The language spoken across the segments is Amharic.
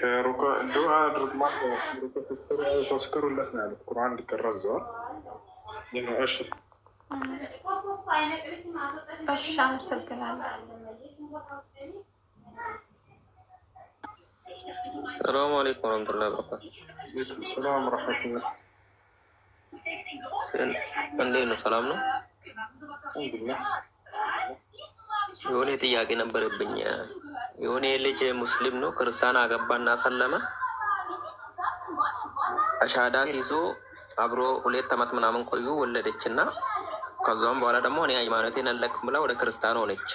ከሩቆ ዱዓ አድርግማ ሩቆ ተስክሩለት ነው ያሉት። ቁርአን እንዲቀራ ዘዋል። እሺ እሺ፣ አመሰግናለሁ። ሰላሙ አሌይኩም ረመቱላ በረካቱ። ሰላም ረመቱላ። እንዴት ነው? ሰላም ነው። የሆነ ጥያቄ ነበረብኝ። የሆነ ልጅ ሙስሊም ነው ክርስቲያን አገባና ሰለመ። አሻዳ ሲይዞ አብሮ ሁለት ዓመት ምናምን ቆዩ። እና ከዛም በኋላ ደግሞ እኔ ሃይማኖቴን አለቅም ብላ ወደ ክርስቲያን ሆነች።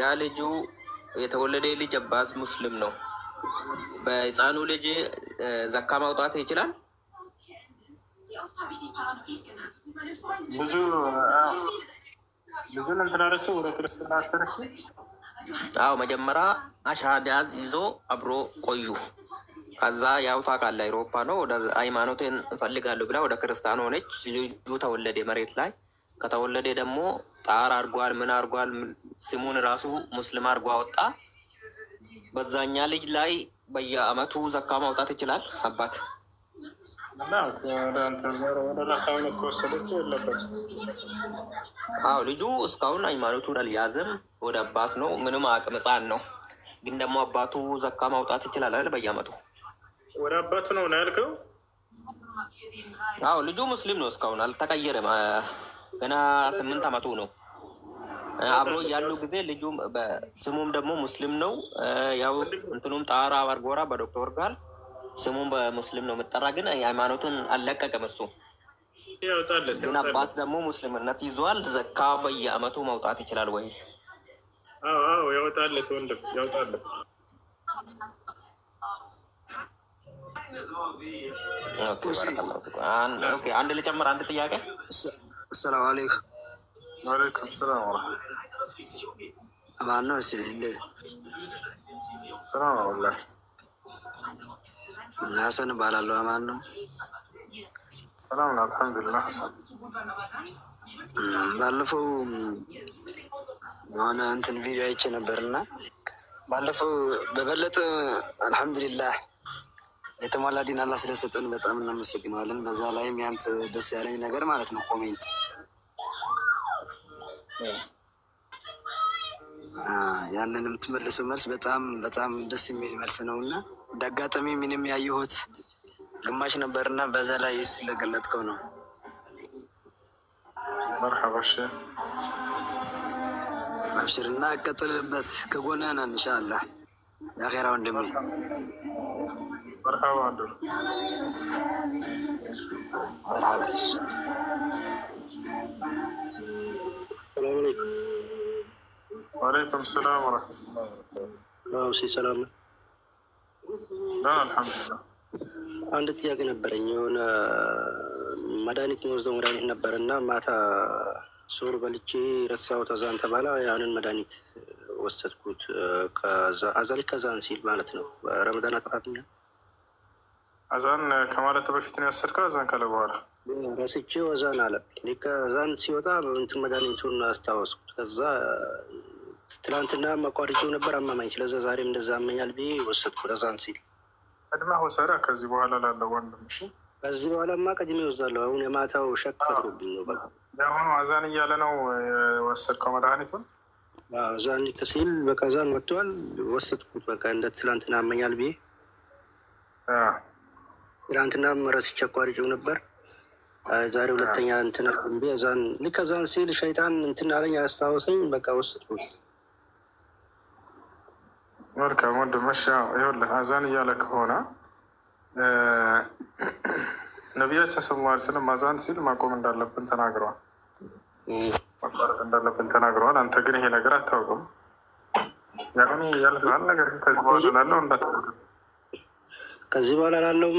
ያ ልጁ የተወለደ ልጅ አባት ሙስሊም ነው። በህፃኑ ልጅ ዘካ ማውጣት ይችላል። ብዙ ልጁን እንትን ወደ ክርስትና አሰረችው። አዎ መጀመሪያ አሻዳ ይዞ አብሮ ቆዩ። ከዛ ያው ታውቃለህ አይሮፓ ነው ወደ ሃይማኖቴን እንፈልጋለሁ ብላ ወደ ክርስቲያን ሆነች። ልጁ ተወለደ መሬት ላይ ከተወለደ ደግሞ ጣር አድርጓል፣ ምን አድርጓል፣ ስሙን ራሱ ሙስሊም አድርጎ አወጣ። በዛኛ ልጅ ላይ በየአመቱ ዘካ ማውጣት ይችላል አባት አዎ ልጁ እስካሁን ሃይማኖቱን አልያዘም። ወደ አባት ነው። ምንም አቅም ህፃን ነው። ግን ደግሞ አባቱ ዘካ ማውጣት ይችላል። በየአመቱ ወደ አባቱ ነው ነው ያልከው? አዎ ልጁ ሙስሊም ነው። እስካሁን አልተቀየረም። ገና ስምንት አመቱ ነው። አብሮ ያሉ ጊዜ ልጁ ስሙም ደግሞ ሙስሊም ነው። ያው እንትኑም ጣራ አርጎራ በዶክተር ጋር ስሙን በሙስሊም ነው የምጠራ፣ ግን ሃይማኖቱን አልለቀቀም። እሱ ግን አባት ደግሞ ሙስሊምነት ይዟል። ዘካ በየአመቱ መውጣት ይችላል ወይ? ያወጣለት ወንድም ያወጣለት። አንድ ልጨምር፣ አንድ ጥያቄ። ሰላም አለይኩም። ወአለይኩም ሰላም ማን ነው? ሀሰን እባላለሁ። አማን ነው። ሰላም ነው። አልሐምዱሊላህ። ሀሰን ባለፈው የሆነ እንትን ቪዲዮ አይቼ ነበር እና ባለፈው በበለጠ አልሐምዱሊላህ የተሟላ ዲን አላህ ስለሰጠን በጣም እናመሰግነዋለን። በዛ ላይም ያንተ ደስ ያለኝ ነገር ማለት ነው ኮሜንት ያንንም ትመልሰው መልስ በጣም በጣም ደስ የሚል መልስ ነው እና እንዳጋጣሚ ምንም ያየሁት ግማሽ ነበርና በዛ ላይ ስለገለጥከው ነው። መርሐባሽ አብሽርና ቀጥልበት፣ ከጎንህ ነን ኢንሻአላህ የአኼራ ወንድሜ። መርሐባ ወአለይኩም ሰላም ወረሕመቱላህ። ሰላም አልሐምዱሊላህ። አንድ ጥያቄ ነበረኝ። የሆነ መድኃኒት የሚወስደው መድኃኒት ነበር እና ማታ ሱር በልቼ ረሳው ተዛን ተባለ። ያንን መድኃኒት ወሰድኩት። አዛሊ ከዛን ሲል ማለት ነው። ረመዳን አጥፋትኛል። አዛን ከማለት በፊት ነው የወሰድከው? አዛን ካለ በኋላ ረስቼው አዛን አለ። ከዛን ሲወጣ እንትን መድኃኒቱን አስታወስኩት። ከዛ ትላንትና አቋርጬው ነበር አማማኝ። ስለዛ ዛሬም እንደዛ አመኛል ብዬ ወሰድኩት አዛን ሲል ቅድመ ሆሰዳ ከዚህ በኋላ ላለው ወንድም እሺ። ከዚህ በኋላማ ቅድሜ ይወስዳለሁ። አሁን የማታው ሸክ ፈጥሮብኝ ነው። አሁኑ አዛን እያለ ነው የወሰድከው መድኃኒቱን። አዛን ከሲል በቃ አዛን ወጥተዋል። ወሰድኩት በቃ እንደ ትላንትና አመኛል ብዬ ትላንትና መረስ ቸኳሪጭው ነበር። ዛሬ ሁለተኛ እንትን ብዬ አዛን ልክ አዛን ሲል ሸይጣን እንትን አለኝ አስታወሰኝ። በቃ ወሰድኩት። መልካም ወንድምሽ፣ ይኸውልህ አዛን እያለ ከሆነ ነቢያችን ሰለላሁ ዐለይሂ ወሰለም አዛን ሲል ማቆም እንዳለብን ተናግረዋል፣ ማቋረጥ እንዳለብን ተናግረዋል። አንተ ግን ይሄ ነገር አታውቅም። ያኔ ያልፍል ነገር ከዚህ በኋላ ላለው እንዳታውቅም ከዚህ በኋላ ላለው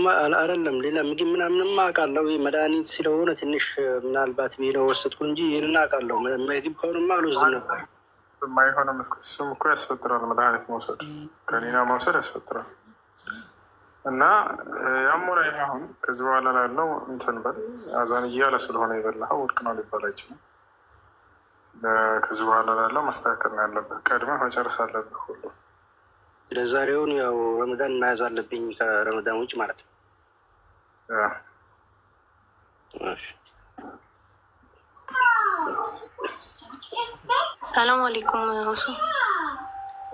አይደለም። ሌላ ምግብ ምናምንም አውቃለሁ። መድኃኒት ስለሆነ ትንሽ ምናልባት ብሄ ነው ወሰድኩ እንጂ ይህንን አውቃለሁ። ምግብ ከሆንማ አልወስድም ነበር። የማይሆነ እሱም እኮ ያስፈጥራል። መድኃኒት መውሰድ ከኒና መውሰድ ያስፈጥራል። እና የአሞራ ያሞና አሁን ከዚህ በኋላ ላለው እንትን በል አዛን እያለ ስለሆነ የበላኸው ውድቅ ነው ሊባል አይችልም። ከዚህ በኋላ ላለው ማስተካከል ነው ያለብህ። ቀድመህ መጨረስ አለብህ ሁሉ ለዛሬውን ያው ረመዳን እናያዝ አለብኝ ከረመዳን ውጭ ማለት ነው። ሰላም አሌይኩም ሁሱ።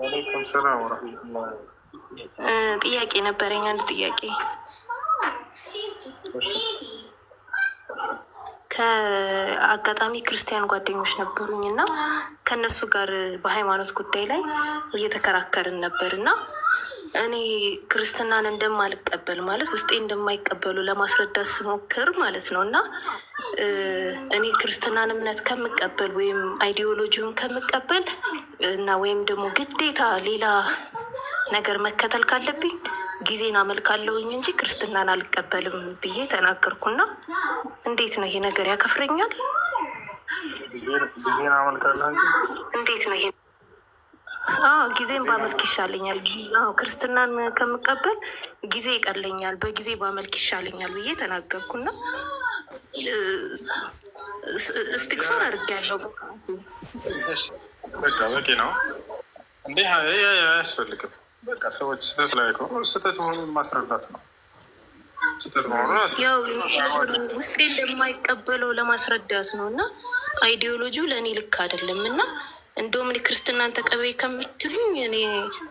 አሌይኩም ሰላም ወረህመቱላ። ጥያቄ ነበረኝ፣ አንድ ጥያቄ ከአጋጣሚ ክርስቲያን ጓደኞች ነበሩኝ እና ከእነሱ ጋር በሃይማኖት ጉዳይ ላይ እየተከራከርን ነበር እና እኔ ክርስትናን እንደማልቀበል ማለት ውስጤ እንደማይቀበሉ ለማስረዳት ስሞክር ማለት ነው። እና እኔ ክርስትናን እምነት ከምቀበል ወይም አይዲዮሎጂውን ከምቀበል እና ወይም ደግሞ ግዴታ ሌላ ነገር መከተል ካለብኝ ጊዜን አመልካለሁኝ እንጂ ክርስትናን አልቀበልም ብዬ ተናገርኩና እንዴት ነው ይሄ ነገር ያከፍረኛል? ጊዜን አመልካለሁ እንዴት ነው ጊዜን ባመልክ ይሻለኛል፣ ክርስትናን ከምቀበል ጊዜ ይቀለኛል፣ በጊዜ ባመልክ ይሻለኛል ብዬ ተናገርኩና እስትግፋር አድርጌያለሁ። በቃ በቂ ነው። እንዲህ አያስፈልግም። በቃ ሰዎች ስህተት ላይ ከሆኑ ስህተት መሆኑን ማስረዳት ነው። ስህተት መሆኑ ያው ውስጤ እንደማይቀበለው ለማስረዳት ነው እና አይዲዮሎጂው ለእኔ ልክ አይደለም እና እንደውም እኔ ክርስትናን ተቀበይ ከምትሉኝ እኔ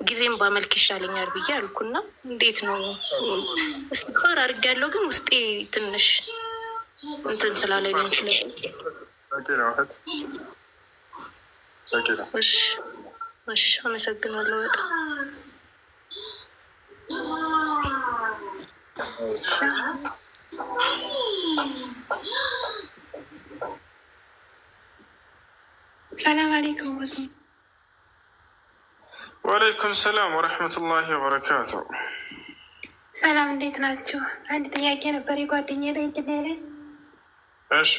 ጊዜም ባመልክ ይሻለኛል ብዬ አልኩና እንዴት ነው አድርግ ያለው ግን ውስጤ ትንሽ እንትን ስላለኝ ነው ይችላል። አመሰግናለሁ በጣም ብዙ ወአለይኩም ሰላም ወረህመቱላሂ ወበረካቱ። ሰላም እንዴት ናችሁ? አንድ ጥያቄ ነበር የጓደኛ ጠይቅና ላይ እሺ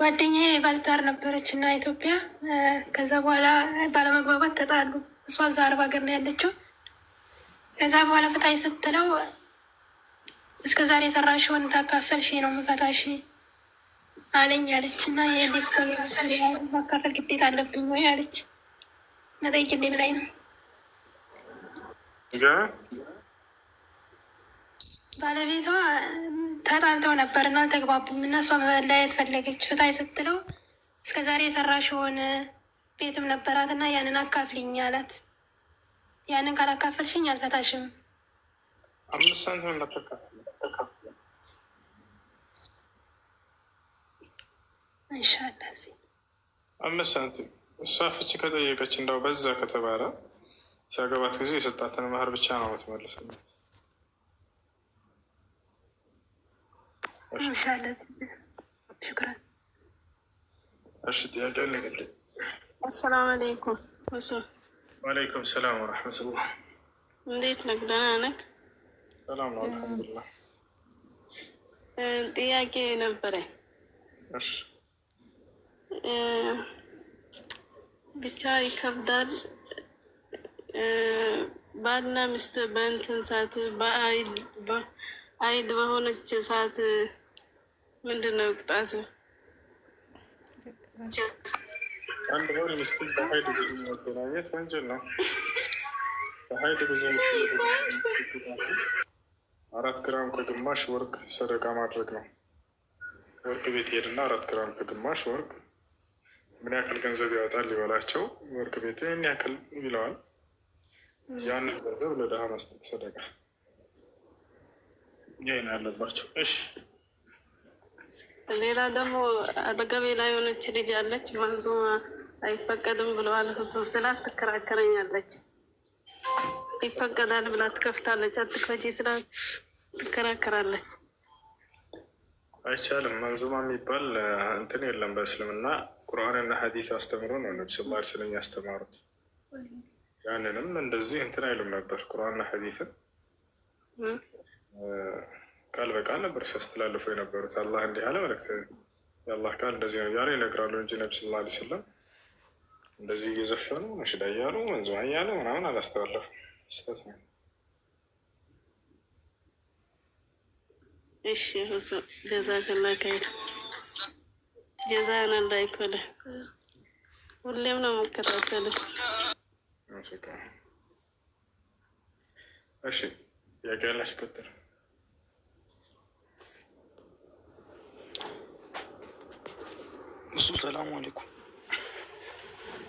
ጓደኛ የባልታር ነበረች እና ኢትዮጵያ ከዛ በኋላ ባለመግባባት ተጣሉ። እሷ እዛ አረብ ሀገር ነው ያለችው። ከዛ በኋላ ፍታኝ ስትለው እስከዛሬ የሰራሽውን ታካፈልሽ ነው ምፈታሽ አለኝ አለች እና የኤሌክትሮኒክ ማካፈል ግዴታ አለብኝ ወይ አለች። መጠይቅሌ ብላይ ነው ባለቤቷ ተጣልተው ነበር እና አልተግባቡም እና እሷ መለያየት ፈለገች። ፍታ የሰጥለው እስከ ዛሬ የሰራሽውን ቤትም ነበራት እና ያንን አካፍልኝ አላት። ያንን ካላካፈልሽኝ አልፈታሽም አምስት ሳንት ይሻላል። እዚህ አምስት ሳንቲም እሷ ፍቺ ከጠየቀች እንዳው በዛ ከተባለ ሲያገባት ጊዜ የሰጣትን መህር ብቻ ነው የምትመልስለት። ሽክራን። እሺ ጥያቄ ለግል አሰላሙ አለይኩም። ወአለይኩም ሰላም ወረሕመቱላህ። እንዴት ነህ? ደህና ነህ? ሰላም ነው አልሐምዱሊላህ። ጥያቄ ነበረ። እሺ ብቻ ይከብዳል። ባልና ሚስት በእንትን ሰዓት አይድ በሆነች ሰዓት ምንድን ነው ቅጣቱ? አንድ ባል ሚስት በሀይድ ብዙ መገናኘት ወንጀል ነው። በሀይድ ብዙ ሚስት አራት ግራም ከግማሽ ወርቅ ሰደቃ ማድረግ ነው። ወርቅ ቤት ሄድና አራት ግራም ከግማሽ ወርቅ ምን ያክል ገንዘብ ያወጣል ሊበላቸው ወርቅ ቤቱ ይህን ያክል ይለዋል። ያንን ገንዘብ ለድሃ መስጠት ሰደቃ። ይህን ያለባቸው። እሺ ሌላ ደግሞ አጠገቤ ላይ የሆነች ልጅ አለች። መንዙማ አይፈቀድም ብለዋል ህዝቡ ስላት ትከራከረኛለች። ይፈቀዳል ብላ ትከፍታለች። አትክፈቼ ስላት ትከራከራለች። አይቻልም መንዙማ የሚባል እንትን የለም በእስልምና ቁርአንና ሀዲት አስተምሮ ነው ነቢ ስ ላ ስለም ያስተማሩት። ያንንም እንደዚህ እንትን አይሉም ነበር። ቁርአንና ሀዲትን ቃል በቃል ነበር ሲያስተላልፉ የነበሩት። አላህ እንዲህ አለ መልእክት የአላህ ቃል እንደዚህ ነው እያለ ይነግራሉ እንጂ ነቢ ስ ላ ስለም እንደዚህ እየዘፈኑ መሽዳ እያሉ መንዝማ እያለ ምናምን አላስተላለፉ ስተት ነው። እሺ ጀዛከላ ጀዛን አላህ ይክፈልህ። ሁሌም ነው መከታተልህ። እሺ ጥያቄ ያለሽ ቁጥር እሱ። ሰላሙ አለይኩም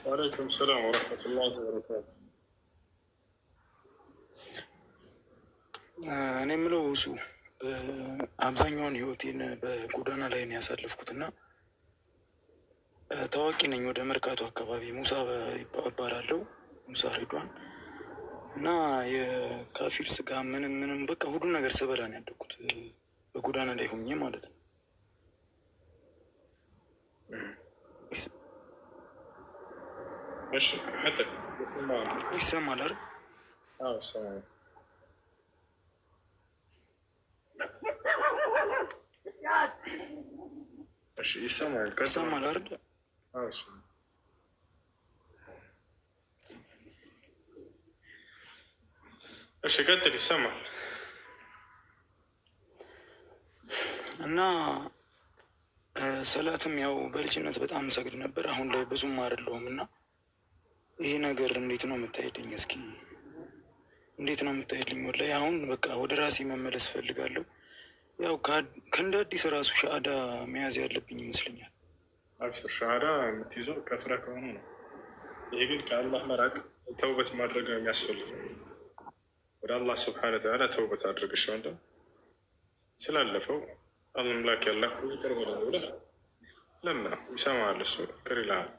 ወአለይኩም ሰላም ወረሕመቱላሂ ወበረካቱ። እኔ የምለው እሱ አብዛኛውን ህይወቴን በጎዳና ላይ ነው ያሳለፍኩትና ታዋቂ ነኝ። ወደ መርካቶ አካባቢ ሙሳ እባላለሁ። ሙሳ ሬዷን እና የካፊር ስጋ ምንም ምንም በቃ ሁሉ ነገር ስበላ ነው ያደግኩት በጎዳና ላይ ሆኜ ማለት ነው። ይሰማል አይደል? ይሰማል አይደል? እሺ ቀጥል፣ ይሰማል እና ሰላትም ያው በልጅነት በጣም ሰግድ ነበር። አሁን ላይ ብዙም አይደለሁም እና ይሄ ነገር እንዴት ነው የምታይልኝ? እስኪ እንዴት ነው የምታይልኝ? ወላሂ አሁን በቃ ወደ ራሴ መመለስ እፈልጋለሁ። ያው ከእንደ አዲስ ራሱ ሻአዳ መያዝ ያለብኝ ይመስለኛል። አብሽር ሻሃዳ የምትይዘው ከፍረ ከሆነ ነው። ይሄ ግን ከአላህ መራቅ ተውበት ማድረግ ነው የሚያስፈልግ። ወደ አላህ ስብሐነ ተዓላ ተውበት አድርግሻለሁ ስላለፈው አምላክ ያላህ ይቅር በለኝ ብለህ ለምነው ይሰማሃል፣ እሱ ይቅር ይልሃል።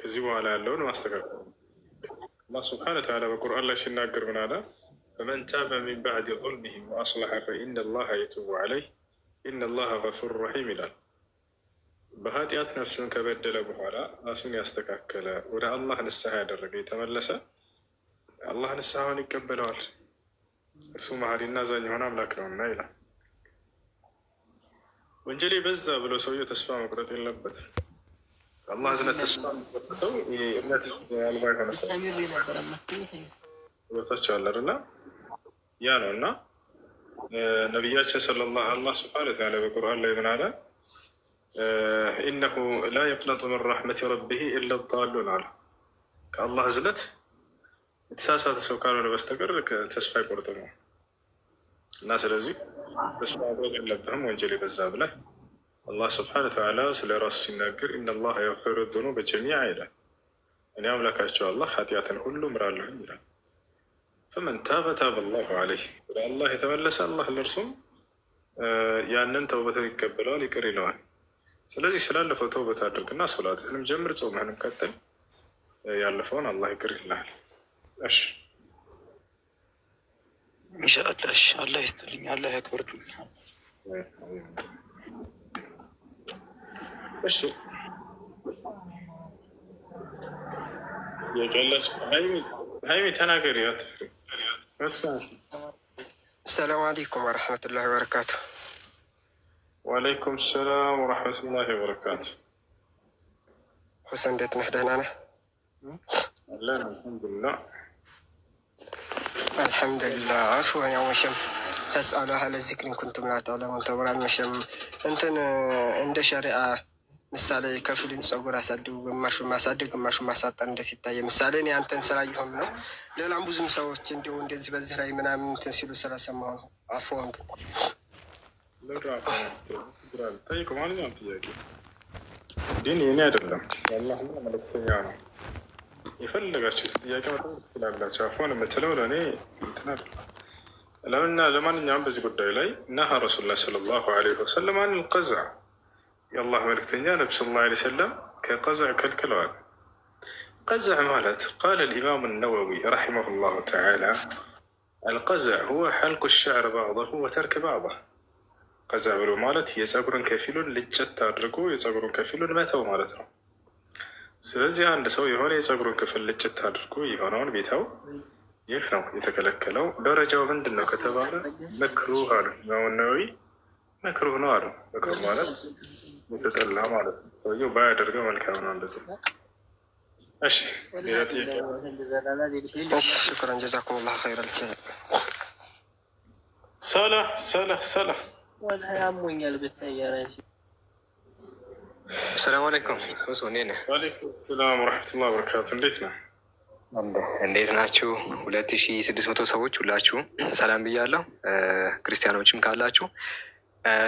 ከዚህ በኋላ ያለውን ማስተካከል አላህ ስብሐነ ተዓላ በቁርአን ላይ ሲናገር ምን አለ? ፈመን ታበ ሚን ባዕድ ظልሚሂ ወአስለሐ ፈኢነ ላሀ የቱቡ ዐለይህ ኢነ ላሀ ገፉር ረሒም ይላል። በኃጢአት ነፍሱን ከበደለ በኋላ ራሱን ያስተካከለ ወደ አላህ ንስሐ ያደረገ የተመለሰ አላህ ንስሐውን ይቀበለዋል። እርሱ መሐሪና አዛኝ የሆነ አምላክ ነውና ይላል። ወንጀሌ በዛ ብሎ ሰውየው ተስፋ መቁረጥ የለበትም። አላህ ዝነት ተስፋ የሚቆርጠው እምነት አልባ የሆነ ቦታች አለን እና ያ ነው እና ነቢያችን ሰለላሁ አላ ስብሓን ታላ በቁርአን ላይ ምን አለ? آه، إنه لا يقنط من رحمة ربه إلا الضالون على الله زلت تساسا تسو كارو لبستقر لك تسفى قرطنو الناس الرزي تسفى قرطن لبهم وانجلي بزاب له الله سبحانه وتعالى سل راس سيناكر إن الله يغفر الذنوب جميعا إلى أن يملك أشجو الله حتياة هلو مرال عمرا فمن تاب تاب الله عليه الله تملس الله لرسوم آه يعني أنت وبتنك بلالي كريلوان ስለዚህ ስላለፈው ተውበት አድርግና ሶላትህንም ጀምር፣ ጾምህንም ቀጥል። ያለፈውን አላህ ይቅር ይልሃል። እሺ ኢንሻአላህ። እሺ አላህ ይስጥልኝ፣ አላህ ያክብርልኝ። እሺ የጨለች ሀይሚ ተናገሪያት። ሰላም አለይኩም ወረሕመቱላሂ ወበረካቱ ወአለይኩም ሰላም ወረሕመቱላሂ ወበረካቱ። ሁሰን እንዴት ነህ? ደህና ነህ? አለን አልሐምዱሊላህ። አልሐምዱሊላህ አፍወን ያው መሸም ተስአሉ አህለ ዚክር ኢን ኩንቱም ላ ተዕለሙን ተብሏል። መሸም እንትን እንደ ሸሪአ ምሳሌ ከፊልን ጸጉር አሳድጉ፣ ግማሹ ማሳደግ፣ ግማሹ ማሳጠር እንዴት ይታየ? ምሳሌ እኔ አንተን ስራ እየሆን ነው። ሌላም ብዙም ሰዎች እንዲሁ እንደዚህ በዚህ ላይ ምናምን እንትን ሲሉ ስለሰማሁ ነው። አፍወን ጠይቀው ማንኛውም ጥያቄ ግን የኔ አይደለም፣ ያላህ መልእክተኛ ነው። የፈለጋችሁት ጥያቄ መጠየቅ ትችላላችሁ። አፎን የምትለው ለእኔ እንትን አይደለም። ለምና ለማንኛውም በዚህ ጉዳይ ላይ ነሀ ረሱሉላህ ሰለላሁ ዐለይሂ ወሰለም አኒል ቀዝዕ፣ የአላህ መልእክተኛ ነቢ ሰለላሁ ዐለይሂ ወሰለም ከቀዝዕ ከልክለዋል። قزع مالت قال الإمام النووي رحمه الله تعالى القزع هو حلق الشعر بعضه وترك بعضه ከዛ ብሎ ማለት የፀጉርን ከፊሉን ልጨት አድርጎ የፀጉሩን ከፊሉን መተው ማለት ነው። ስለዚህ አንድ ሰው የሆነ የፀጉሩን ክፍል ልጭት አድርጎ የሆነውን ቤተው ይህ ነው የተከለከለው። ደረጃው ምንድን ነው ከተባለ መክሩህ አሉ መውናዊ መክሩህ ነው አሉ። መክሩህ ማለት የተጠላ ማለት ነው። ሰውየው ባያደርገው መልካም ነው። እንደዚ እሺ። ሹክራን ጀዛኩም ላ ይረል ሰላ ሰላ ሰላ አሞኛል ብታይ እራሱ ሰላም አለይኩም ሰላም ወረሕመቱላሂ ወበረካቱ። እንዴት ነው? እንዴት ናችሁ? ሁለት ሺ ስድስት መቶ ሰዎች ሁላችሁ ሰላም ብያለሁ። ክርስቲያኖችም ካላችሁ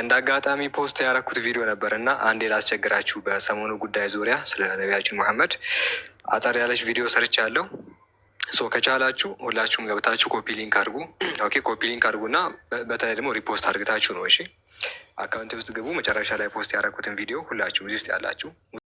እንደ አጋጣሚ ፖስት ያደረኩት ቪዲዮ ነበር እና አንዴ ላስቸግራችሁ በሰሞኑ ጉዳይ ዙሪያ ስለ ነቢያችን መሐመድ አጠር ያለች ቪዲዮ ሰርቻለሁ። ሶ ከቻላችሁ ሁላችሁም ገብታችሁ ኮፒ ሊንክ አድርጉ። ኦኬ ኮፒ ሊንክ አድርጉ እና በተለይ ደግሞ ሪፖስት አድርግታችሁ ነው። እሺ አካውንት ውስጥ ግቡ። መጨረሻ ላይ ፖስት ያደረኩትን ቪዲዮ ሁላችሁም እዚህ ውስጥ ያላችሁ